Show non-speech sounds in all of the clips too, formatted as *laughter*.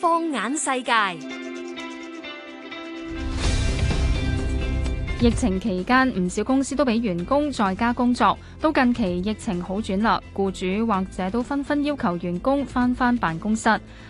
放眼世界。疫情期間，唔少公司都俾員工在家工作。都近期疫情好轉啦，僱主或者都紛紛要求員工返返辦公室。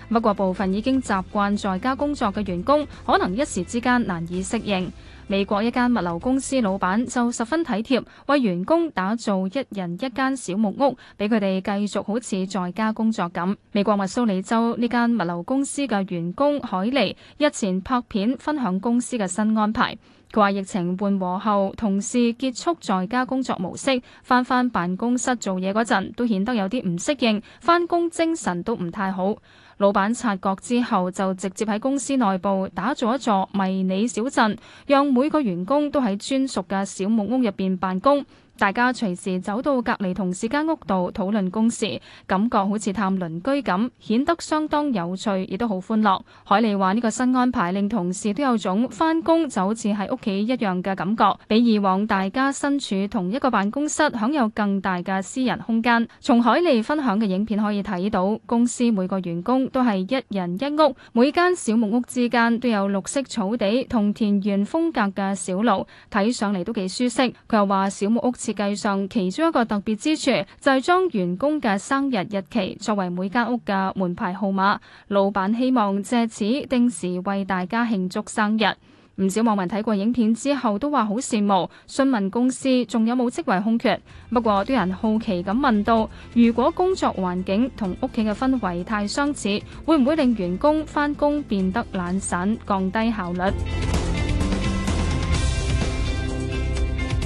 不過，部分已經習慣在家工作嘅員工，可能一時之間難以適應。美國一間物流公司老闆就十分體貼，為員工打造一人一間小木屋，俾佢哋繼續好似在家工作咁。美國密蘇里州呢間物流公司嘅員工凱莉日前拍片分享公司嘅新安排。佢話疫情緩和後，同事結束在家工作模式，翻返辦公室做嘢嗰陣，都顯得有啲唔適應，翻工精神都唔太好。老闆察覺之後，就直接喺公司內部打造一座迷你小鎮，讓每個員工都喺專屬嘅小木屋入邊辦公。大家隨時走到隔籬同事間屋度討論公事，感覺好似探鄰居咁，顯得相當有趣，亦都好歡樂。海利話呢個新安排令同事都有種返工就好似喺屋企一樣嘅感覺，比以往大家身處同一個辦公室享有更大嘅私人空間。從海利分享嘅影片可以睇到，公司每個員工。都係一人一屋，每間小木屋之間都有綠色草地同田園風格嘅小路，睇上嚟都幾舒適。佢又話小木屋設計上其中一個特別之處就係將員工嘅生日日期作為每間屋嘅門牌號碼，老闆希望借此定時為大家慶祝生日。唔少網民睇過影片之後都話好羨慕，詢問公司仲有冇職位空缺。不過都有人好奇咁問到，如果工作環境同屋企嘅氛圍太相似，會唔會令員工翻工變得懶散，降低效率？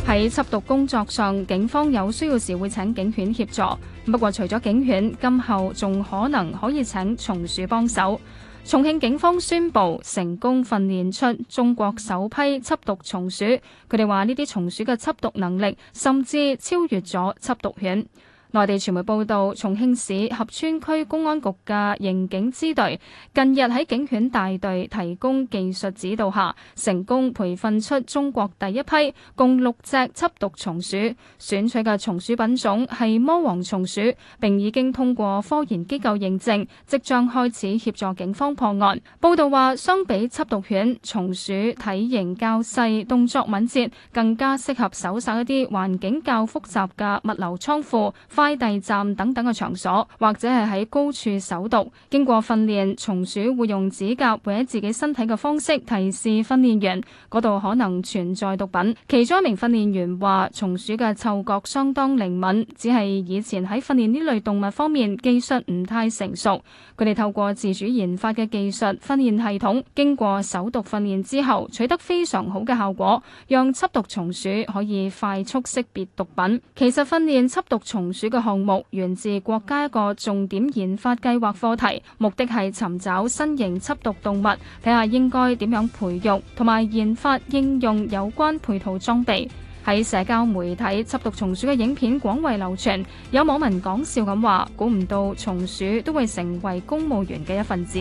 喺緝 *music* 毒工作上，警方有需要時會請警犬協助。不過除咗警犬，今後仲可能可以請松鼠幫手。重慶警方宣布成功訓練出中國首批緝毒松鼠，佢哋話呢啲松鼠嘅緝毒能力甚至超越咗緝毒犬。內地傳媒報道，重慶市合川區公安局嘅刑警支隊近日喺警犬大隊提供技術指導下，成功培訓出中國第一批共六隻緝毒松鼠。選取嘅松鼠品種係魔王松鼠，并已經通過科研機構認證，即將開始協助警方破案。報道話，相比緝毒犬，松鼠體型較細，動作敏捷，更加適合搜查一啲環境較複雜嘅物流倉庫，街遞站等等嘅場所，或者係喺高處搜毒。經過訓練，松鼠會用指甲搲自己身體嘅方式提示訓練員嗰度可能存在毒品。其中一名訓練員話，松鼠嘅嗅覺相當靈敏，只係以前喺訓練呢類動物方面技術唔太成熟。佢哋透過自主研發嘅技術訓練系統，經過搜毒訓練之後，取得非常好嘅效果，讓緝毒松鼠可以快速識別毒品。其實訓練緝毒松鼠嘅個項目源自國家一個重點研發計劃課題，目的係尋找新型緝毒動物，睇下應該點樣培育同埋研發應用有關配套裝備。喺社交媒體緝毒松鼠嘅影片廣為流傳，有網民講笑咁話：估唔到松鼠都會成為公務員嘅一份子。